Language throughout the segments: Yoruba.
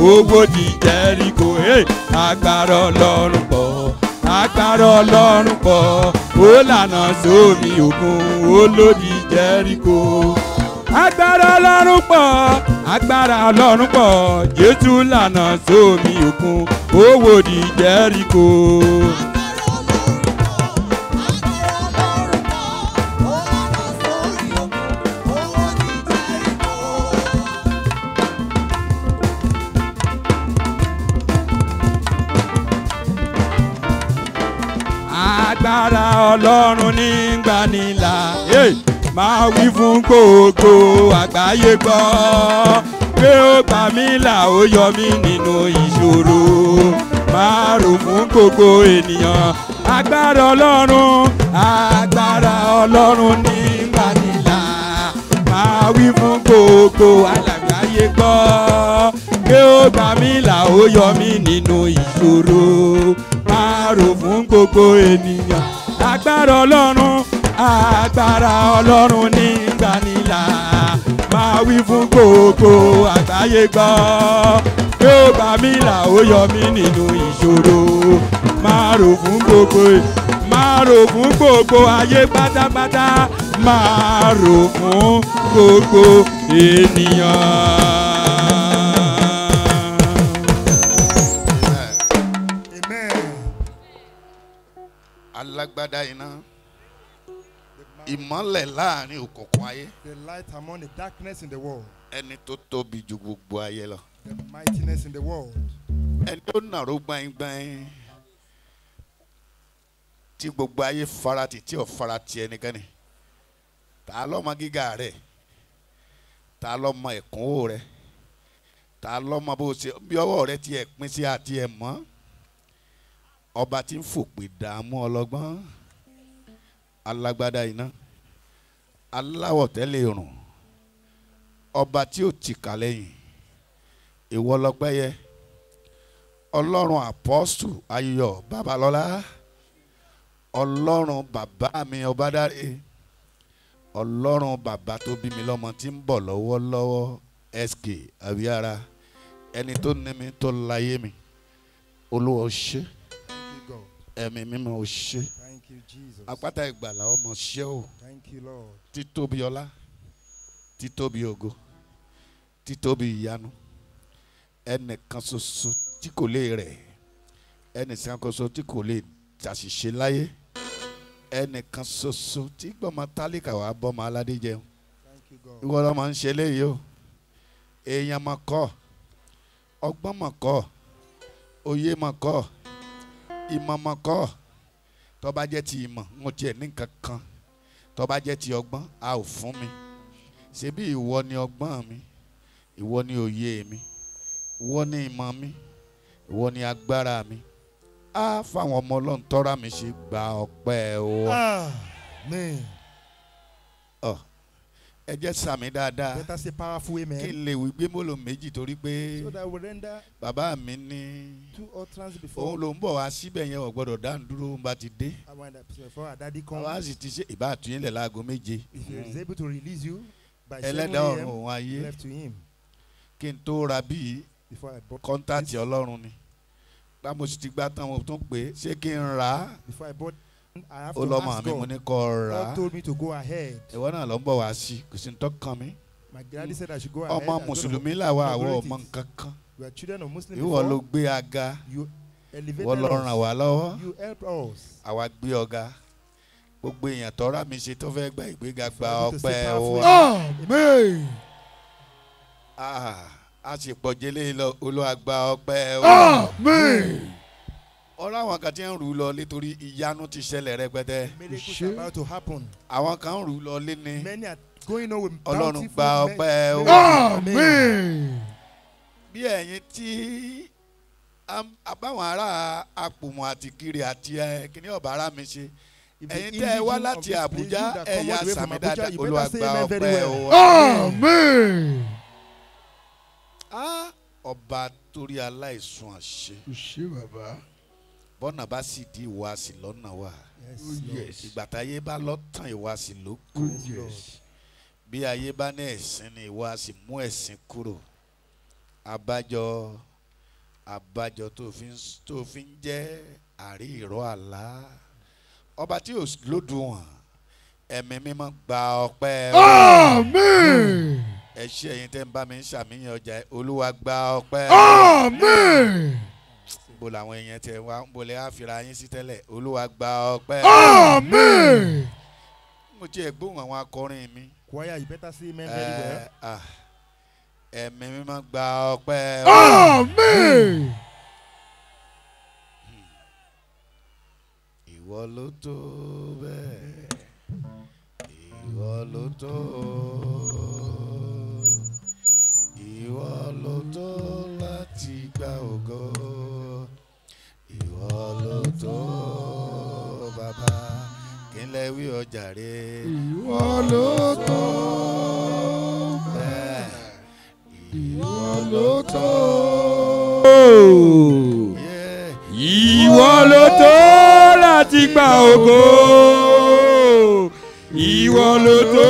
di ògbódì jẹ́ríkò agbára ọlọ́run pọ̀ agbára ọlọ́run pọ̀ ó lànà sómi òkun ó lòdì jẹ́ríkò agbára ọlọ́run pọ̀ agbára ọlọ́run pọ̀ jésù lànà sómi òkun ó wòdì jẹ́ríkò. ọlọ́run ní gbanilà máa wí fún gbogbo àgbáyé gbọ́ pé ó gbà mí là ó yọ mí nínú ìṣòro máa rò fún gbogbo ènìyàn agbára ọlọ́run agbára ọlọ́run ní gbanilà máa wí fún gbogbo àgbáyé gbọ́ pé ó gbà mí là ó yọ mí nínú ìṣòro máa rò fún gbogbo ènìyàn agbára ọlọ́run agbára ọlọ́run nígbà nílà máa wí fún gbogbo àgbáyé gbọ́ yóò bá mi là ó yọ mí nínú ìṣòro máa rò fún gbogbo máa rò fún gbogbo ayé pátápátá máa rò fún gbogbo ènìyàn. agbádá iná ìmọ́lẹ̀ láàrin òkùnkùn ayé. the light among the darkness in the world. ẹni tó tóbi ju gbogbo ayé lọ. the mightiness in the world. ẹni tó nàró gbáyìngbáyìn tí gbogbo ayé farati tí ò farati ẹnikẹ́ni ta ló mọ gíga rẹ̀ ta ló mọ ẹ̀kúnwó rẹ̀ ta ló bó ṣe bí ọwọ́ rẹ̀ ti ẹ̀ pín sí àti ẹ̀ mọ́ ọba tí ń fòpè dààmú ọlọ́gbọ́n alágbádá iná aláwọ̀ tẹ́lẹ̀ rùn ọba tí ò tìkà lẹ́yìn ìwọ lọ́pẹ́yẹ ọlọ́run àpọ́sù ayọ̀ babalọ́lá ọlọ́run bàbá mi ọba dáre ọlọ́run bàbá tó bí mi lọ́mọ tí ń bọ̀ lọ́wọ́lọ́wọ́ sk abiyara ẹni tó ní mi tó láyé mi olúwa ṣe ẹ̀mí mímọ́ ò ṣe àpáta ìgbàlà ọmọ ṣe o títóbi ọlá títóbi ògo títóbi ìyanu ẹnìkan ṣoṣo tí kò lè rẹ̀ ẹnìkan ṣoṣo tí kò lè tàṣìṣe láyé ẹnìkan ṣoṣo tí gbọmọ tálíkà wàá bọmọ aládé jẹun ìwọ ló máa ń ṣe léyìí o èèyàn mà kọ́ ọgbọ́n mà kọ́ òye mà kọ́ ìmọ̀mọ̀ kọ́ jẹ́ ti ìmọ̀ mo tiẹ̀ ní nǹkan kan tó jẹ́ ti ọgbọ́n a ò fún mi ṣebí ìwọ ni ọgbọ́n mi ìwọ ni òye mi ìwọ ni ìmọ̀ mi ìwọ ni agbára mi á fáwọn ọmọ ọlọ́run tọ́ra mi ṣe gba ọpẹ́ o. Àmín. Oh ẹ jẹ́ sàmì dáadáa. better say powerful amen. kí lè wí gbé mọ́lò méjì torí pé. so that we render. bàbá mi ní. two utterance before. òun ló ń bọ̀ wá síbẹ̀ yẹn ò gbọ́dọ̀ dáhùn dúró ń bá ti dé. àwọn ẹ̀dá before àdádi kan. àwa sì ti ṣe ìbá àtúnyẹ̀ láago méje. if he is able to release you. by seven a.m. òun ayé. left to him. kí n tó ra bíi. before I bought. kọ́ńtàtì ọlọ́run ni. bá sì ti gbá tán mo tún pè ṣé kí n rà á. before I bought ó lọ́mọ mi mo ní kọ́ ra ìwọ náà ló ń bọ̀ wá sí kò sí ní tọ́ kan mi ọmọ mùsùlùmí làwọn àwọn ọmọ nǹkan kan ìwọ ló gbé aga ìwọ ló ràn wá lọ́wọ́ àwa gbé ọ̀gá gbogbo èèyàn tọ́ra mi ṣe tó fẹ́ gba ìgbéga gba ọpẹ́ wa ah, a sì pọ̀ jẹ́lé lọ olúwa gba ọpẹ́ wa. Amen ọ̀rọ̀ àwọn kan ti ń rù ú lọ nítorí ìyanu ti ṣẹlẹ̀ rẹpẹtẹ. miracle is about to happen. àwọn kan ń rù ú lọ lé ní. many are going on with bountiful men. ọlọ́run gba ọpẹ́ o. àmín. bí ẹ̀yin tí àbáwọn ará àpòmù àti kiri àti kìnní ọ̀bà ara mi ṣe ẹ̀yin tẹ́ ẹ wá láti Àbújá ẹ̀yà sàmì dáadáa Olúwa gba ọpẹ́ o. àmín. ọba torí aláìsùn àṣẹ. ṣé bàbá bọ́nà bá sì di ìwàsí lọ́nà wà oh, ìgbà táyé bá lọ́tàn ìwàsí ló oh, kù bí ayé bá ní ẹ̀sìn ni ìwàsí mú ẹ̀sìn kúrò abájọ abájọ tó fi ń jẹ́ àrí ìrọ̀ àlá ọba tí ò lódù wọn ẹ̀mí mímọ́ gba ọpẹ́ àmín ẹ ṣé ẹ̀yin tẹ́ ń bá mi ń ṣàmìyàn ọjà olúwa gba ọpẹ́ àmín níbo làwọn èèyàn tẹ wá níbo lẹ́ yín sí tẹ́lẹ̀ olúwa gba ọpẹ́. àmín. Hmm. mo jẹ́ ẹ̀gbọ́n àwọn akọrin mi. choir you better say amen very well. Eh, ah, ẹ̀mí mímọ́ gba ọpẹ́. àmín. Hmm. ìwọ ló tó bẹ́ẹ̀ ìwọ ló tó ìwọ ló tó láti gba ògo tó bàbá kí n lè wí ọjà rẹ. ìwọ ló tó bẹ́ẹ̀ ìwọ ló tó. ìwọ ló tó láti gba ògo ìwọ ló tó.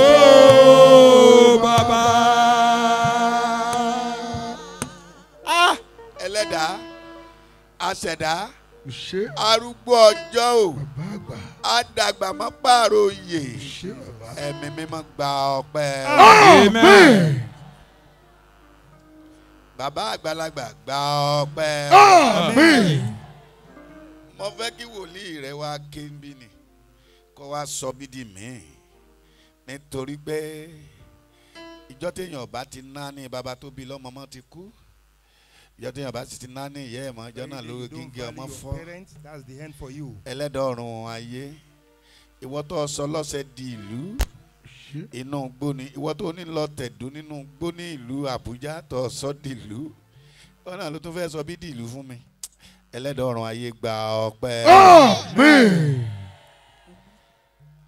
Ah, aṣẹ̀dá arúgbó ọjọ́ o àdàgbà má pààrọ̀ òye ẹ̀mí mímọ́ gba ọpẹ́. àmín. bàbá àgbàlagbà gba ọpẹ́. àmín. mo fẹ́ kí wòlíì rẹ wá kébì ni kó wá sọ bí di mí nítorí pé ìjọ téèyàn bá ti ná ní baba tó bí lọ́mọ mọ́ ti kú yọtún yàrá sì ti nání ìyá ẹ̀ mọ́ ọjọ́ náà lórí gígé ọmọ fọ́ ẹlẹ́dọ̀ọ̀rùn ayé ìwọ tó sọ lọ́sẹ̀ di ìlú inú gbóni ìwọ tó ní lọ tẹ̀dún nínú gbóni ìlú Àbújá tó sọ di ìlú ọ náà ló tún fẹ́ sọ bí di ìlú fún mi ẹlẹ́dọ̀ọ̀rùn ayé gba ọpẹ́. àmín.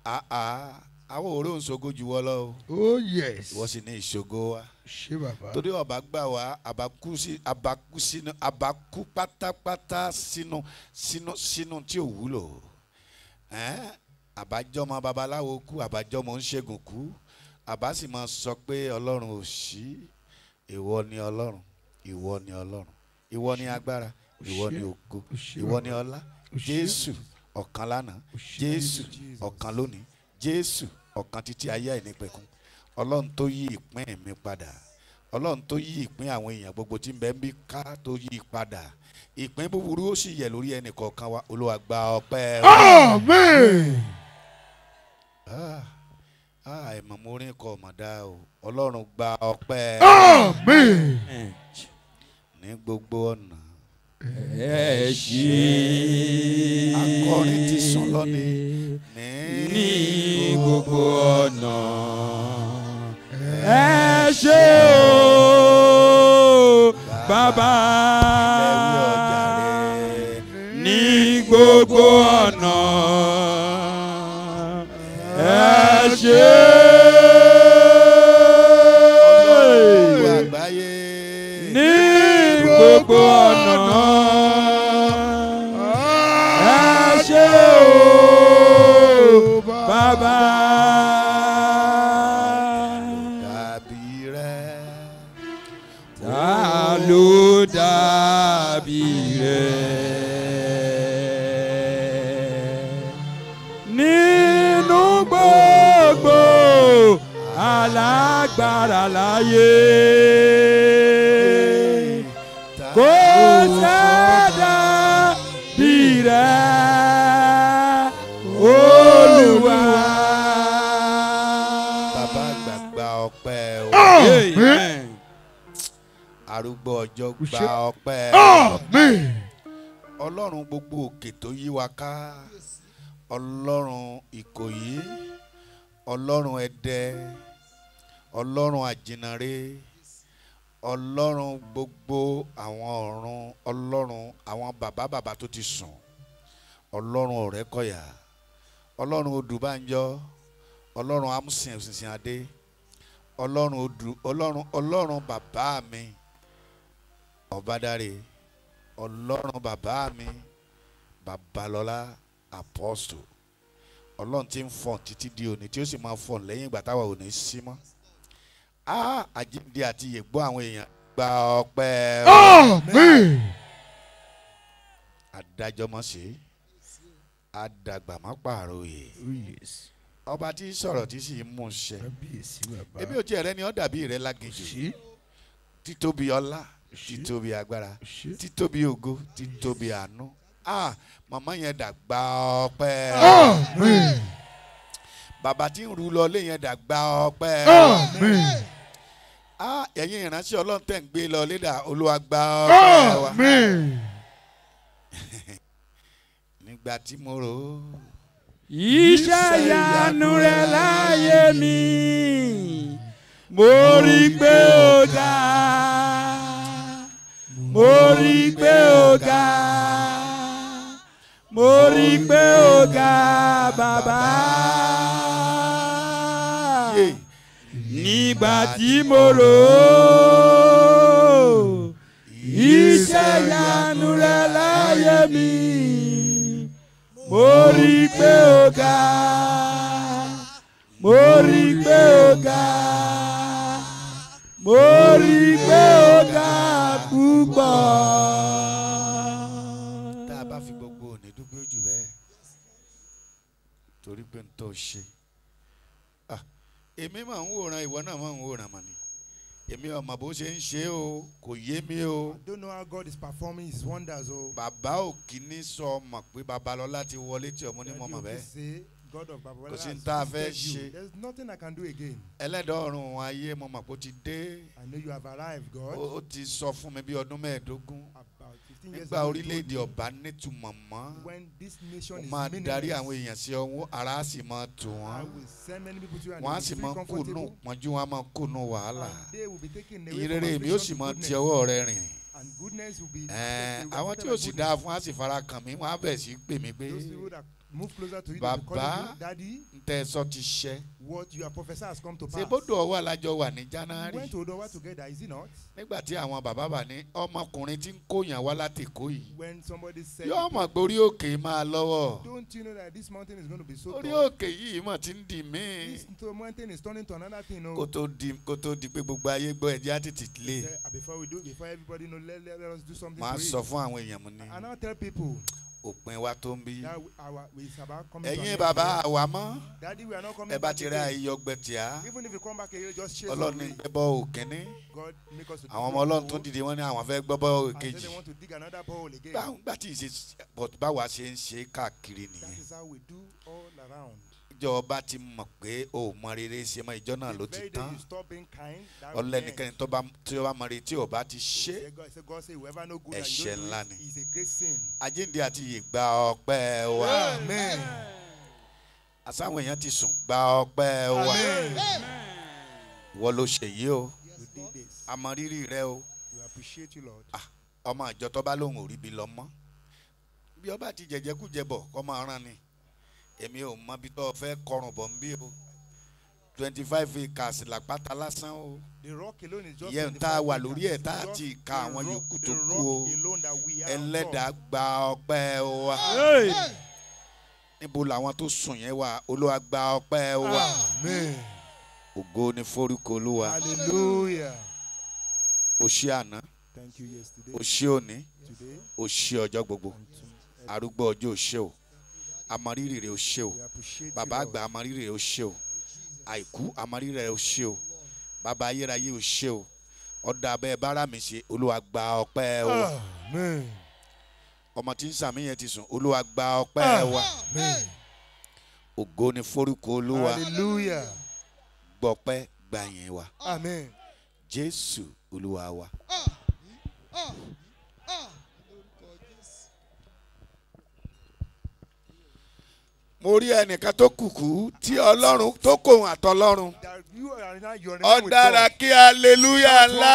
àà àwọn òórùn ṣògo jù oh yes. ìwọ sì ní ìṣògo wa ṣé bàbá. torí ọba gbà wá àbákú sí àbákú sínú àbákú pátápátá sínú sínú sínú tí ò wúlò àbájọmọ babaláwo kú àbájọmọ ńṣègùn kú àbá sì máa sọ pé ọlọ́run ò sí ìwọ ni ọlọ́run ìwọ ni ọlọ́run ìwọ ni agbára ìwọ ni ògo ìwọ ni ọlá jésù ọ̀kan lánàá jésù ọ̀kan lónìí jésù ọ̀kan títí ayé àìnípẹ̀kun ọlọ́run tó yí ìpín mi padà ọlọ́run tó yí ìpín àwọn èèyàn gbogbo tí ń bẹ ń bí ká tó yí padà ìpín búburú ó sì yẹ lórí ẹnì kọ̀ọ̀kan wa olúwa gba ọpẹ́ wa. àmín. Ah, ah, àìmọ̀ mo rí nǹkan ọ̀mọ̀dá o ọlọ́run gba ọpẹ́. àmín. ní gbogbo ọ̀nà. ẹ ṣé. akọrin ti sùn lónìí. ní gbogbo ọ̀nà. Bye-bye. ẹjọ gba ọpẹ́ ọlọ́run gbogbo òkè tó yí wa ká ọlọ́run ìkòyí ọlọ́run ẹdẹ ọlọ́run àjìnàre ọlọ́run gbogbo àwọn ọ̀run ọlọ́run àwọn bàbá bàbá tó ti sùn ọlọ́run ọ̀rẹ́kọ̀yà ọlọ́run odùbánjọ ọlọ́run amúsìn òsìsìn adé ọlọ́run odù ọlọ́run ọlọ́run bàbá mi ọ̀bádàrè ọlọ́run bàbá mi babalọ́lá apọ́stò ọlọ́run ti ń fọ̀n títí di òní tí ó sì máa fọ̀n lẹ́yìn ìgbà táwa ò ní sí mọ́ á àjíǹde àti ìyẹ̀gbọ́ àwọn èèyàn gba ọpẹ́ àmín adájọ́mọ́sí adàgbàmọ́pàròyè oh, ọba tí sọ̀rọ̀ tí sì ń mú ebi ò tiẹ̀ rẹ ni ọ́ dàbí rẹ lágejì títóbi ọlá títóbi agbára títóbi ògo títóbi àánú ah màmá yẹn dàgbà ọpẹ́ bàbá tí ń ru lọ lé yẹn dàgbà ọpẹ́ ah ẹ̀yin ìránṣẹ́ Ọlọ́run tẹ́ ń gbé lọ lédà Olúwa gbà ọpẹ́ wa nígbà tí mo rò ó. iṣẹ́ ìyanu rẹ̀ láyé mi mo rí pé ó dáa mo rí i pé ó ga mo rí i pé ó ga bàbá. nígbà tí mo rò ó iṣẹ́ ìyanu rẹ láyé mi mo rí i pé ó ga mo rí i pé ó ga mo rí i pé gbà. tá a bá fi gbogbo òní dúpẹ́ ojú bẹ́ẹ̀ torí pé n tó ṣe èmi máa ń wòran ìwọ náà máa ń wòran mà ní èmi ọmọ bó ṣe ń ṣe o kò yé mi o. I don't know how God is performing his wonders o. bàbá òkìní sọ ọmọ pé babalọlá ti wọlé tí ọmọ ní mọ bẹ́ẹ̀. God Kò sí tá a fẹ́ ṣe. There nothing I can do again. ayé mo mọ̀ pé ó ti dé. I know you have arrived God. Ó ti sọ fún mi bí ọdún mẹ́ẹ̀ẹ́dógún. About fifteen years ago. Nígbà orílẹ̀-èdè ọ̀bá nítumọ̀ mọ́. When this nation is meaningless. Ó máa darí àwọn èèyàn sí ọwọ́ ara sì máa tù wọ́n. I will send many people to you and Wọ́n á sì máa kùnú pọ́njú wọn á máa kùnú wàhálà. goodness. Ìrere mi ó sì máa ti ọwọ́ rẹ rìn and will be. ẹ àwọn tí yóò sì dáa fún wa sì fara kàn mí wọn á bẹ̀ sí pè mí pé move closer to you than call you daddy. tẹ̀sán ti ṣẹ. what your professor has come to pass. sebodo ọwọ́ alájọ wà ní january. we went to odowa together is it not. nígbà tí àwọn bàbá bà ní ọmọkùnrin tí ń kóyàn wá láti kó yìí. when somebody said. yóò mọ̀ pé orí òkè máa lọ́wọ́. don't you know that this mountain is going to be so tall. orí òkè yìí mọ̀ ti ń di mí. this mountain is turning to another thing. kò tó di kò tó di pé gbogbo ayé gbọ́ ẹ̀jẹ̀ á tètè before we do before everybody know let, let us do something. màá sọ fún àwọn èèyàn mu ni. and I now tell people òpin wa tó ń bí. ẹ̀yin bàbá àwa mọ́ ẹ bá ti rẹ́ ayọ̀gbẹ̀tìá ọlọ́run ní gbẹ́ bọ́ òkínní àwọn ọmọ ọlọ́run tó dìde wọ́n ní àwọn fẹ́ gbọ́ bọ́ òkejì gbà tí ìṣe báwa ṣe ń ṣe káàkiri nìyẹn níjọ́ ọba ti mọ̀ pé o ò mọ rere ṣe mọ ìjọ náà ló ti tán ọlẹ́nikẹ́ni tó bá tí ó bá mọ rere tí ò bá ti ṣe ẹ̀ṣẹ̀ ńlá ni àjíǹde àti ìgbà ọpẹ́ wa àsáwọn èèyàn ti sùn gba ọpẹ́ wa wọ́n ló ṣe yìí o àmọ́ rírì rẹ o ah, ọmọ ìjọ tó bá lóun ò ríbi lọ mọ́ bí ọba ti jẹjẹkújẹ bọ̀ kọ́ máa rán ni èmi ò mọ bí tó fẹ́ kọrùn bọ̀ ń bí o twenty five acres làpáta lásán o ìyẹn tá a wà lórí ẹ̀ tá a ti ka àwọn yòókù tó kú o ẹlẹ́dàá gba ọpẹ́ wa níbo làwọn tó sùn yẹn wà olúwa gba ọpẹ́ wa ògo ni forúkọ olúwa o ṣé àná o ṣé òní o ṣé ọjọ́ gbogbo arúgbó ọjọ́ o Amariri rẹ̀ ó ṣe o bàbá àgbà àmọ̀rírì rẹ̀ ó ṣe o àìkú àmọ̀rírì rẹ̀ ó ṣe o bàbá ayérayé ó ṣe o ọ̀dà abẹ́ bára mi ṣe olúwa gba ọpẹ́ wa ọmọ tí ń sàmì yẹn ti sùn olúwa gba ọpẹ́ wa ògo ni forúkọ olúwa gbọpẹ́ gbàyìn wa jésù olúwa wa. Oh. Oh. mo rí ẹnìkan tó kùkú tí ọlọ́run tó kòun àtọlọ́run ó kí hallelujah ńlá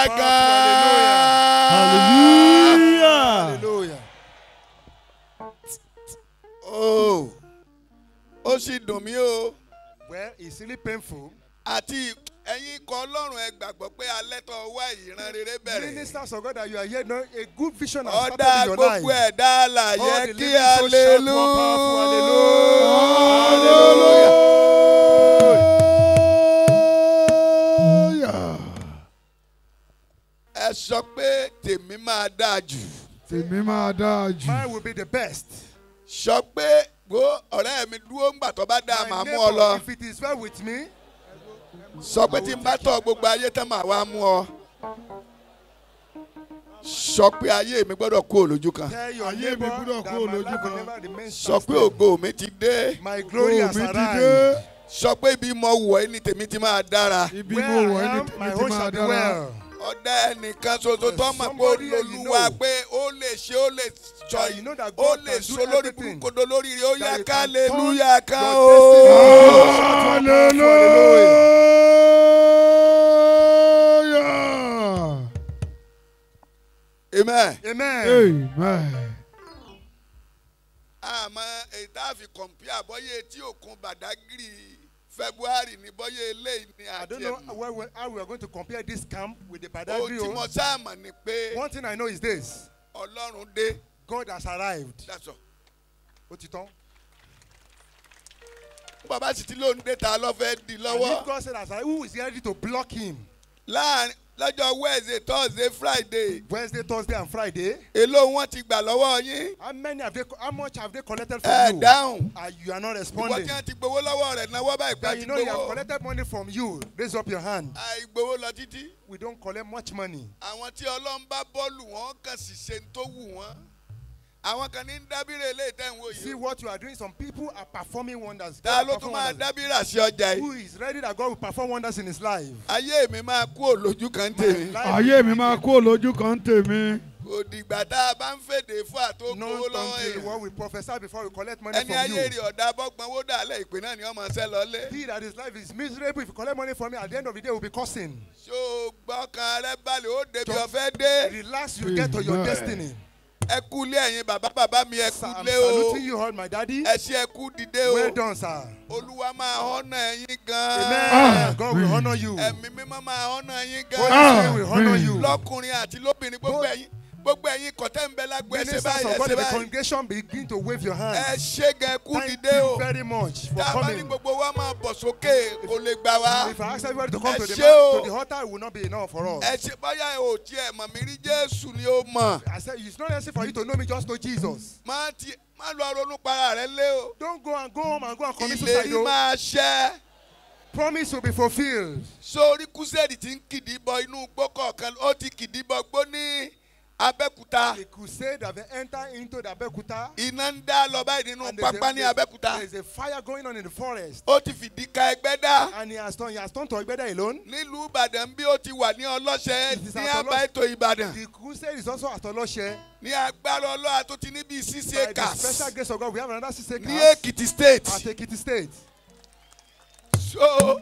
oh, ó sì dùn mí o. well it's really painful. àti ẹ̀yin ikọ̀ ọlọ́run ẹ gbàgbọ́ pé alẹ́ tó wá ìran rere bẹ̀rẹ̀. ministers of God that you are here now a good vision has started in your life. ọ̀dà gbogbo ẹ̀dá àlàyé kí hallelujah. ẹ sọ pé tèmi máa dáa jù. tèmi máa dáa jù. mine will be the best. sọ pé gbó ọ̀rẹ́ mi dúró ńgbà tó bá dáa màá mú ọ lọ. my neighbor if it is well with me sọ pé tí n bá tọ̀ gbogbo ayé tán màá wá mú ọ sọ pé ayé mi gbọ́dọ̀ kú òlójú kan. ayé mi gbọ́dọ̀ kú òlójú kan. sọ pé ògo mi ti dé. my glory has arrived. sọ pé ibi mo wọ̀ ẹ́ ni tèmi ti máa dára. ibi mo wọ̀ ẹ́ ni tèmi ti máa dára. ọ̀dà ẹnìkan ṣoṣo tó mọ̀ pé olùwà pé ó lè ṣe ó lè sọ ó lè so lórí kódó lórí rẹ̀ ó yá ká lè lúyà ká o. hallelujah. Amen. Amen. Amen. àmọ́ èyí tá a etí òkun Badagry February ni bọ́yé eléyìí ni àjẹmọ́. I don't know where we, how we are going to compare this camp with the Badagry o. Ohun tí mo sáàmà ni pé. One thing I know is this. Ọlọ́run dé. God has arrived. That's all. Ó ti tán. Bàbá sì ti lóun dé ta lọ́fẹ̀ẹ́ di lọ́wọ́. And if God said as I who is ready to block him. Láàrin lọ́jọ́ wednesday thursday friday. wednesday thursday and friday. èló wọn ti gbà lọ́wọ́ yín. how many have they how much have they collected from eh, you. ẹ dáhùn. and ah, you are not responding. ìwọ kí wọn ti gbowó lọ́wọ́ rẹ̀ náwó báyìí pé a ti gbowó. you know you have collected money from you raise up your hand. àìgbowó lọ títí. we don't collect much money. àwọn tí ọlọ́run bá bọ́ọ̀lù wọn kàn sì ṣe ń tó wù wọn àwọn kan ní ń dábìrì eléyìí tẹ̀ ń wò yìí. see what you are doing some people are performing wonders. ta ló tún máa dábìrì àṣẹ ọjà yìí. who is ready that God will perform wonders in his life. ayé mi máa kú òlójú kan tèmi. ayé mi máa kú òlójú kan tèmi. òdìgbà tá a bá ń fèdè fún àtòkòwò lọ́wọ́ yẹn. no what we prophesy before we collect money from you. ẹni ayé rí ọ̀dà bọ́gbọ́n wó dàlẹ́ ìpín náà ni ọmọ ṣẹ́ lọ́lé. he that his life is miserable if you collect money from me at the end of the day he will be cursing. ṣó gbọ́kàn balẹ̀ ó débi ọ̀fẹ́ dé. relax you get to your destiny ẹ kú ilé ẹ̀yin bàbá bàbá mi ẹ kú ilé o. you my daddy. ẹ ṣe ẹ kú dìde o. well done sir. olúwa máa họ́nà ẹ̀yin gan-an. amen ah, god will honour you. ẹ̀mí mímọ́ máa họ́nà ẹ̀yin gan-an. lọ́kùnrin àti lóbìnrin gbogbo ẹ̀yin ẹ̀yin kọ̀tẹ́ ń bẹ lágbo ẹ báyìí ẹ báyìí. ministers of the congregation begin to wave your hand. ẹ ṣe gẹ kú dìde o. thank you very much for coming. dábàá gbogbo wa máa bọ̀ sókè kò lè gbà wá. if I ask everybody to come to the, to the altar it will not be enough for us. ẹ ṣe báyà ò tiẹ̀ mọ̀ mi rí Jésù ni ó mọ̀. I said it's not necessary for you to know me just know Jesus. má ti má lọ ronú para rẹ lé o. don't go and go home and go and commit suicide o. Oh. ìlérí máa ṣẹ. promise will be fulfilled. sórí kúsẹ́ẹ̀dì tí ń kìdí bọ inú gbọ́kọ̀ọ̀kan ó ti kìdí bọ gbóní. Abẹ́kúta. The crusader "Have entered into the Abẹ́kúta. Iná ń dá lọ báyìí nínú pápá ní Abẹ́kúta. There is a fire going on in the forest. Ó ti fìdí ka Ẹgbẹ́dá. And he has turned he has turned to Ẹgbẹ́dá alone. Nílùú Ìbàdàn bí ó ti wà ní ọlọ́ṣẹ́ ní àbá ètò Ìbàdàn. The crusade is also at ọlọ́ṣẹ́. Ní agbára Ọlọ́run tó ti níbi six acres. By the special grace of God we have another six acres. Ní Èkìtì state. At Èkìtì state. So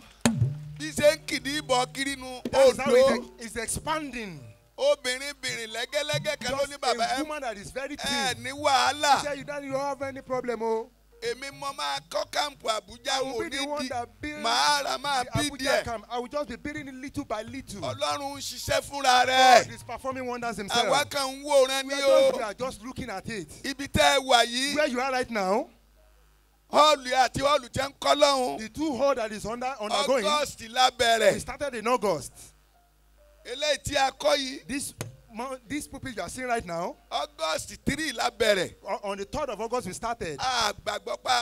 bí ṣe ń kìdí ìbọn kiri nu Ondo. That is how it is expanding obìnrin bìnrin lẹ́gẹ́lẹ́gẹ́ kan ló ní bàbá ẹ ẹ ní wàhálà. you don't have any problem Oh èmi mo máa kọ́ kàmpù Àbújá wò nídìí màá ra máa bí díẹ̀. building little by little. Ọlọ́run ń ṣiṣẹ́ fúnra rẹ̀. God is performing wonders himself. Àwa kan ń wòran ní o. We are just looking at it. Ibi tẹ́ ẹ wà yìí. Where you are right now. Họ́ọ̀lù àti họ́ọ̀lù jẹ́ ń kọ́ lọ́hùn. The two hall that is under undergoing. August la bẹ̀rẹ̀. started in August eléyìí tí a kọ́ yìí. this month this pupil you are seeing right now. August three la bẹ̀rẹ̀. on the third of August we started. a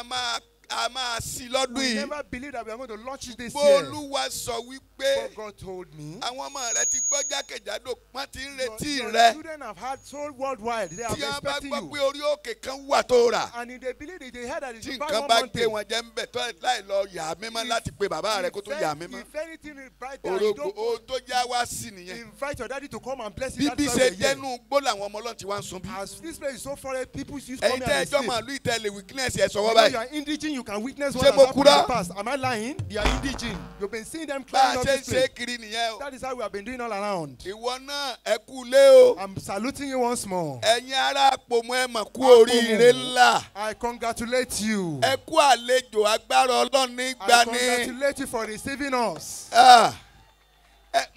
máa a máa sí lọ́dún yìí. we never believed that we are going to launch this year. bólúwa sọ wípé. but God told me. àwọn ọmọ rẹ ti gbọ́ jákèjádò wọ́n ti ń retí rẹ. your children have had sold worldwide they are expecting you. tí a bá gbọ́ pé orí òkè kan wà tó rà. and if they believe it they heard that it's about one mountain. tí nǹkan bá gbé wọn jẹ́ ń bẹ̀ tọ́ láì lọ yà mímọ́ láti pe bàbá rẹ kó tó yà mímọ́. if anything is bright there you don't. orogbo o tó já wá sí nìyẹn. invite your daddy to come and bless you that bíbí ṣe dẹnu gbó làwọn ọmọ ọlọ́run ti wá ń sun bí. as this place is so foreign people use come here and sleep. ẹ̀yin tẹ́ ẹjọ́ màálù ìtẹ́lẹ̀ weakness ẹ̀ sọ wọ́n báyìí you can witness what has happened in the past. Am I lying? They are indigene. You've been seeing them climb up this place. That is how we have been doing all around. I'm saluting you once more. Ẹ̀yin I congratulate you. I congratulate you for receiving us. Ah.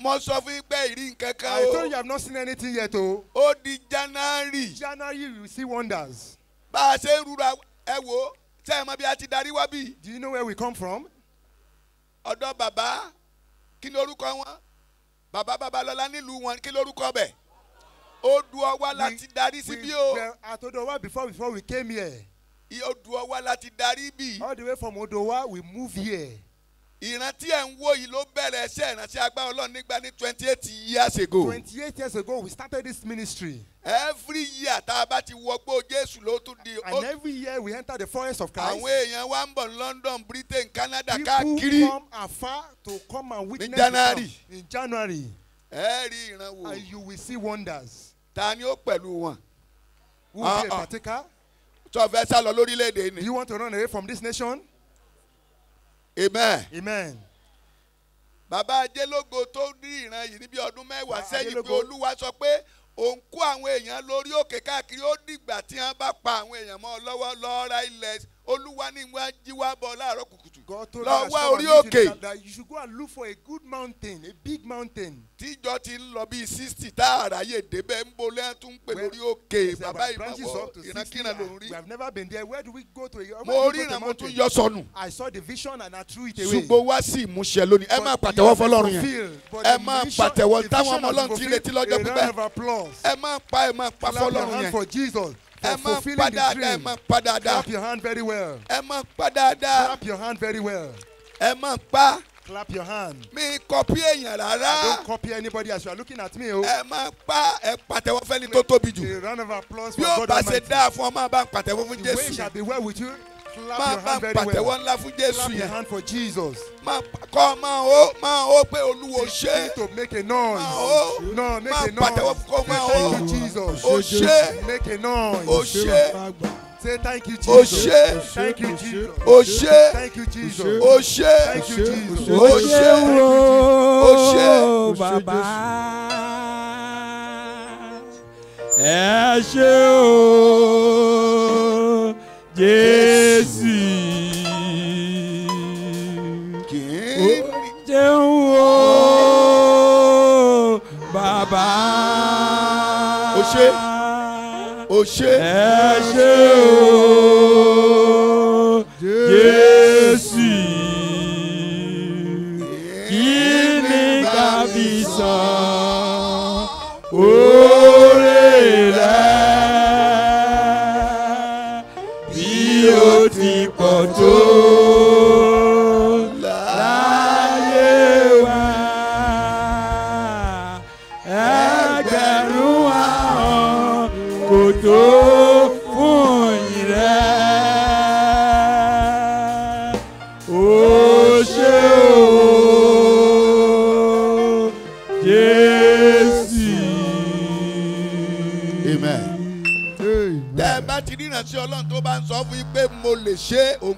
mo sọ fún yín pé ìrí nǹkan kan o. I told you I have not seen anything yet o. ó di January. January you see wonders. bá a ṣe ń rura ẹ wo ṣé ẹ mọ bí a ti darí wá bí. do you know where we come from. ọ̀dọ̀ bàbá kí lorúkọ wọn bàbá babalọlá nílùú wọn kí lorúkọ bẹ̀ odò ọwá la ti darí síbí o. we were at odowa before before we came here. odò ọwá la ti darí bí. all the way from odowa we move here ìrántí ẹ̀ ń wò yìí ló bẹ̀rẹ̀ ẹsẹ̀ ìrántí agbára ọlọ́run nígbà ní twenty eight years ago. twenty eight years ago we started this ministry. every year tá a bá ti wọgbó Jésù ló tún di. and every year we enter the forest of Christ. àwọn èèyàn wa ń bọ̀ London Britain Canada káàkiri. people come afar to come and witness. ní January in January. ẹ rí ìrànwọ́. and you will see wonders. ta ni ó pẹ̀lú wọn. who be a ah, ah. particular. tó fẹ́ sá lórílẹ̀‐èdè ni. you want to run away from this nation amen. amen. bàbá ajẹ́lógo tó rí ìran yìí níbi ọdún mẹ́wàá sẹ́yìn pé olúwa sọ pé òun kó àwọn èèyàn lórí òkè káàkiri ó dìgbà tí wọ́n bá pa àwọn èèyàn mọ́ lọ́wọ́ lọ́ọ́ ra ilẹ̀ olúwa ni wọ́n jí wá bọ̀ láàárọ̀ kùkùtù God told lọ wá orí òkè. that you should go and look for a good mountain a big mountain. tíjọ ti ń lọ bíi sixty tá àráyè débẹ̀ ń bolẹ́ tún ń pè lórí òkè bàbá ìmọ̀wọ́ ìrankíran ló ń rí. we have never been there where do we go to. mo rí ìran mo tún yọ sọnù. I saw the vision and I threw it away. ṣùgbọ́n wá sí ìmúṣẹ lónìí ẹ máa pàtẹ́wọ́ fọlọ́run yẹn ẹ máa pàtẹ́wọ́ táwọn ọmọ ọlọ́run ti retí lọ́jọ́ pípẹ́ ẹ máa pa ẹ máa pa fọlọ́run yẹn for fulfilling the dream. Clap your hand very well. Clap your hand very well. Clap your hand. Mi copy èèyàn rárá. Don't copy anybody as you are looking at me o. Oh. Ẹ pa ẹ pàtẹ́wọ́ fẹ́ni tó tóbi jù. A round of applause for God Almighty. Bí bá ṣe dáa fún ọ, bá pàtẹ́wọ́ fún Jésù. The way shall be well with you máa máa pàtẹ́wọ́ ńlá fún Jésù yẹn máa kọ́ máa ó máa ó pé Olúwo ṣe máa ó máa pàtẹ́wọ́ kó máa ó ó ṣe ó ṣe. Say thank you, Jesus. Oshe. Thank you, Jesus. Oshe. Thank you, Jesus. Oshe. Thank you, Jesus. Oshe. Oshe. Bàbá. Ẹ ṣé o. Jésù. kì í jẹun o bàbá. o ṣé o ṣé. ẹ ṣé o Jésù. kí ni ká fi sọ.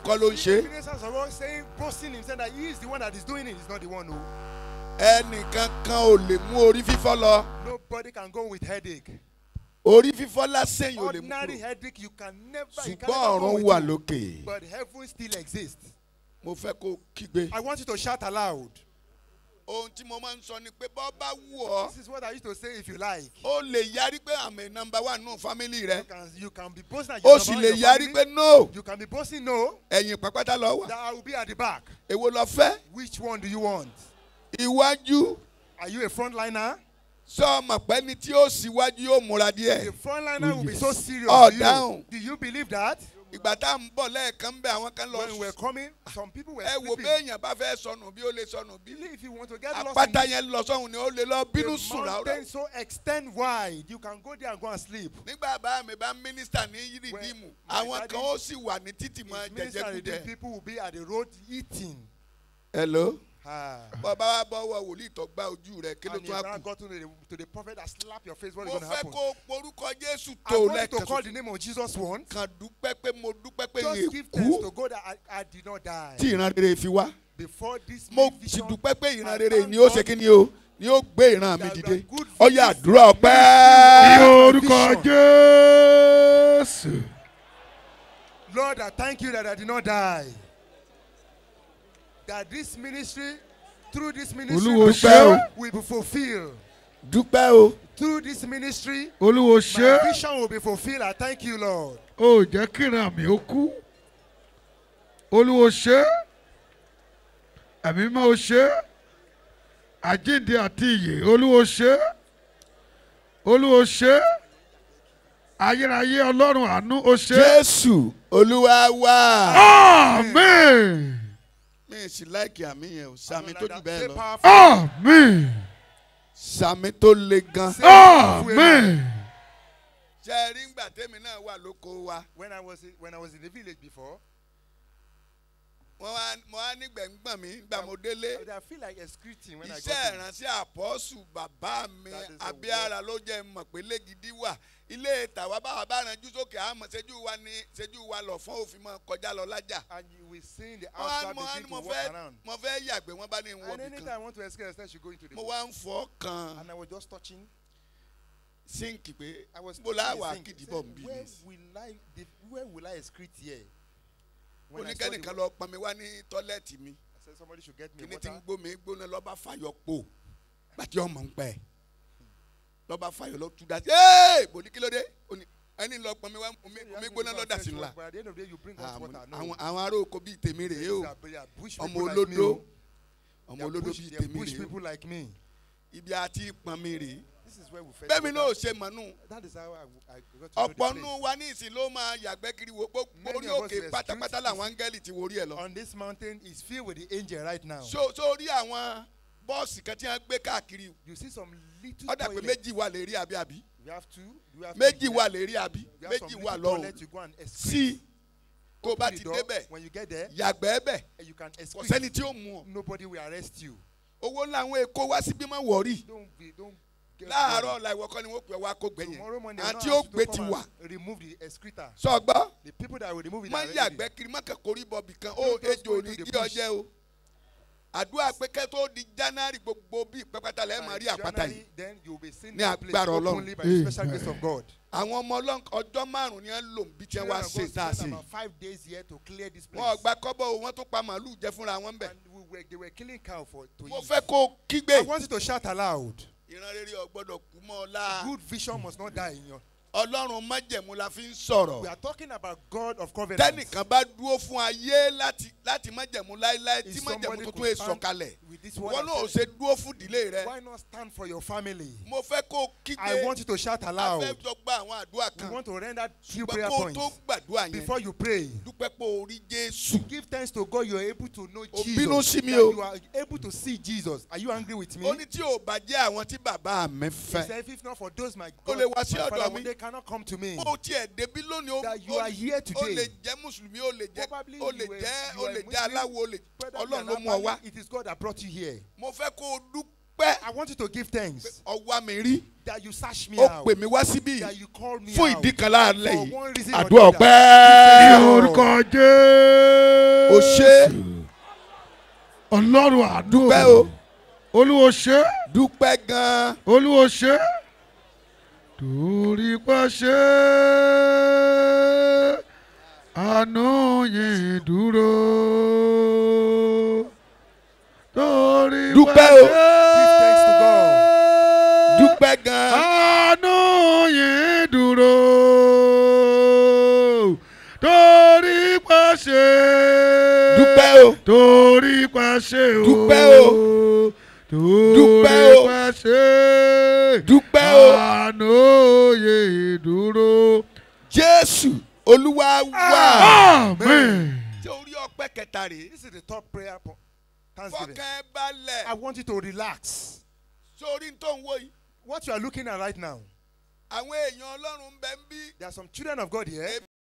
kọ́ ló ń ṣe. the ministers oh. ò lè mú orí fífọ́ lọ. can go with headache. orí fífọ́ lásán yóò lè mú kúrò. ordinary headache you can never. ṣùgbọ́n ọ̀run wà lókè. but heaven still exists. mo fẹ́ kó kígbe. I want you to shout aloud ohun tí mo máa ń sọ ni pé bọ́ bá wù ọ́. this is what I used to say if you like. o lè yarí pé àmì number one nù family rẹ. you can be boasting that you are number one your family. o sì lè yarí pé no. you can be boasting no. ẹ̀yìn pàpàtà lọ wà. that I will be at the back. èwo lọ fẹ́. which one do you want. iwájú. are you a frontliner. sọ ọmọ pẹ́ ni tí ó síwájú yóò múra díẹ̀. the frontliner will be so serious. ọ̀ oh, down. do you believe that ìgbà tá à ń bọ̀ lẹ́ẹ̀kan bẹ́ẹ̀ àwọn kan lọ. when were coming some people were sleeping. ẹ wo béèyàn bá fẹ́ sọnù bí ó lè sọnù bí. want to get lost. àpáta yẹn lọ sọ́hun ni ó lè lọ bínú sùn rà. the mountain so extend wide you can go there and go and sleep. nígbà bá mi bá minister ní yídìmù àwọn kan ó sì wà ní títì mọ́ jẹjẹkújẹ. his minister people will be at the road eating. hello. Ah. bọ́ bá wá bọ́ wòlíì tó gba ojú rẹ̀ kí ló tún á kù. and if you now go to the prophet that slap your face what is going to happen. mo fẹ́ kó porúkọ Jésù tó lẹ́kẹ̀ẹ́. I want to call the name of Jesus once. kàn dúpẹ́ pé mo dúpẹ́ pé yẹ kú. just give thanks to God that I, did not die. tí ìran rere fi wá. before this mo ti dúpẹ́ pé ìran rere ni ó ṣe kí ni o ni ó gbé ìran mi dìde ó yá àdúrà ọpẹ́. ní orúkọ Jésù. Lord, I thank you that I did not die that this ministry through this ministry Olúwo ṣé o will be fulfilled. Dúpẹ́ o. Through this ministry Olúwo ṣé. My vision will be fulfilled. I thank you Lord. O jẹ́ kíran mi ó kú. Olúwo ṣé. Ẹ̀mí mọ́ o ṣé. Àjíǹde àti ìyè Olúwo ṣé. Olúwo ṣé. Ayérayé Ọlọ́run àánú o ṣé. Jésù Olúwa wá. Amen. Amen mi sì láìkì àmì yẹn o sàmì tó jù bẹ́ẹ̀ lọ. àmín. sàmì tó le gan. àmín. ṣe rí ngbà tèmi náà wà lóko wa. when I was in, when I was in the village before wọ́n wá mo wá ní gbẹ̀ngbọ̀n mi gbà mo délé iṣẹ́ ìránṣẹ́ àpọ́sù bàbá mi abíára ló jẹ́ mọ̀ pé lẹ́gidí wà ilé tàwa báwa bá ranjú sókè àmọ́ ṣẹ́jú wa ni ṣẹ́jú wa lọ fún òfin mọ́ kọjá lọ lájà. and you will see the outside begin to walk around. mo fẹ́ yàgbẹ́ wọ́n bá ní ìwọ mi kan. and anytime I to escape extent she go into the. mo wá ń fọ́ kan. and I was just touching. sink pé bó láwàá kìdí bọ̀ ń bí. where will I where will I excrete here oníkẹ́nìkan lọ pọn mi wá ní tọ́lẹ́ẹ̀tì mi kíní tí ń gbómi gbóná lọ́ba fàyọ̀ pò gbàtí ọmọ ń pẹ́ lọ́ba fàyọ̀ lọ tú dá sí ẹ́ẹ́ bò ní kílódé ẹni lọ pọn mi wá omi gbóná lọ́dà sí ńlá àwọn ará oko bíi tèmi rèé o ọmọ olódó ọmọ olódó bíi tèmi rèé o ibi àti pọn bẹ́ẹ̀mi náà ṣe mọ̀nù ọ̀pọ̀ nù wa ní ìsìn ló máa yàgbẹ́ kiri wo gbogbo orí òkè pátápátá làwọn áńgẹ́lì ti worí ẹ̀ lọ. on this mountain is filled with the angel right now. so so rí àwọn bọ́ọ̀sì kan tí wọ́n gbé káàkiri. you see some little toilet. ọ̀dà pé méjì wà lè rí àbí àbí. you have two you have méjì wà lè rí àbí méjì wà lọ́rùn sí tó bá ti débẹ̀ yàgbẹ́ bẹ̀ kò sẹ́ni tí ó mú ọ. nobody will arrest you. owó ńlá àwọn èkó wá síbí máa wọ̀rí. don't be don't láàárọ̀ la ìwọ kọ́ ni wọ́n pè wá kó gbẹ̀yìn àti ó gbé ti wà. sọ gbọ́ má yàgbẹ́ kiri má kẹ́kọ̀ọ́rí bọ̀ bìkan ó ejò ní kí ọjẹ́ o àdúrà pé kẹ́ tó di January gbogbo bíi pẹ́pẹ́tà lẹ́ẹ̀ máa rí àpáta yìí ní agbára Ọlọ́run àwọn ọmọ Ọlọ́run ọjọ́ márùn-ún ni wọ́n lò ń bí tiẹ̀ wá ṣe tá a ṣe wọn ọgbà kọ́bọ̀ o wọ́n tún pa màálù jẹ fúnra wọn bẹ̀. mo fẹ́ kó kígbe. I want you to shout aloud ìran rere ò gbọ́dọ̀ kú mọ́ ọ la. good vision must not die in your Ọlọ́run májẹ̀mú la fi ń sọ̀rọ̀. We are talking about God of covenant. Tẹ́nìkan bá dúró fún ayé láti láti májẹ̀mú láéláé tí májẹ̀mú tuntun yẹn sọ̀kalẹ̀. Wọ́n náà ṣe dúró fún ìdílé rẹ. Why not stand for your family? Mo fẹ́ kó kígbe. I want you to shout aloud. A fẹ́ jọ gba àwọn àdúrà kan. We want to render few prayer points. Ṣùgbọ́n kó tó gbàdúrà yẹn. Before you pray. Dúpẹ́ pé o rí Jésù. Give thanks to God you are able to know Jesus. Òbínú sí mi o. You are able to see Jesus. Are you angry with me? Ó ní tí ò bá jẹ́ àwọn tí bàbá mi fẹ́. He said if not for those my God. O lè wá sí ọ̀dọ̀ mi cannot come to me. o tiẹ̀ débi lónìí o o lè jẹ́ mùsùlùmí o lè jẹ́ o lè jẹ́ o lè jẹ́ aláwo o lè ọlọ́run ló mú ọ wá. it is God that brought you here. mo fẹ́ kó o dúpẹ́. I want you to give thanks. ọwọ́ mi rí. that you search me out. o pè mí wá síbí. that you call me out. fún ìdí kan láàlẹ́ yìí. for one reason or the other. àdúrà ọpẹ́. orúkọ jésù. o ṣé. ọlọ́run àdúrà. dúpẹ́ o. olúwo ṣé. dúpẹ́ gan-an. olúwo ṣé torí pàṣẹ àánú yìí dúró torí pàṣẹ dúpẹ́ gan. àánú yìí dúró torí pàṣẹ dúpẹ́ o torí pàṣẹ o dúpẹ́ o torí pàṣẹ dúpẹ́ o o. àánú òye ìdúró. jésù olúwa wà. àmín. ṣé orí ọpẹ́ kẹta rèé. this is the top prayer point. thanksgiving. fọkẹ́ balẹ̀. I want you to relax. sórí tó ń wò yìí. what you are looking at right now. àwọn èèyàn ọlọ́run bẹ́ẹ̀ bí. there are some children of God here.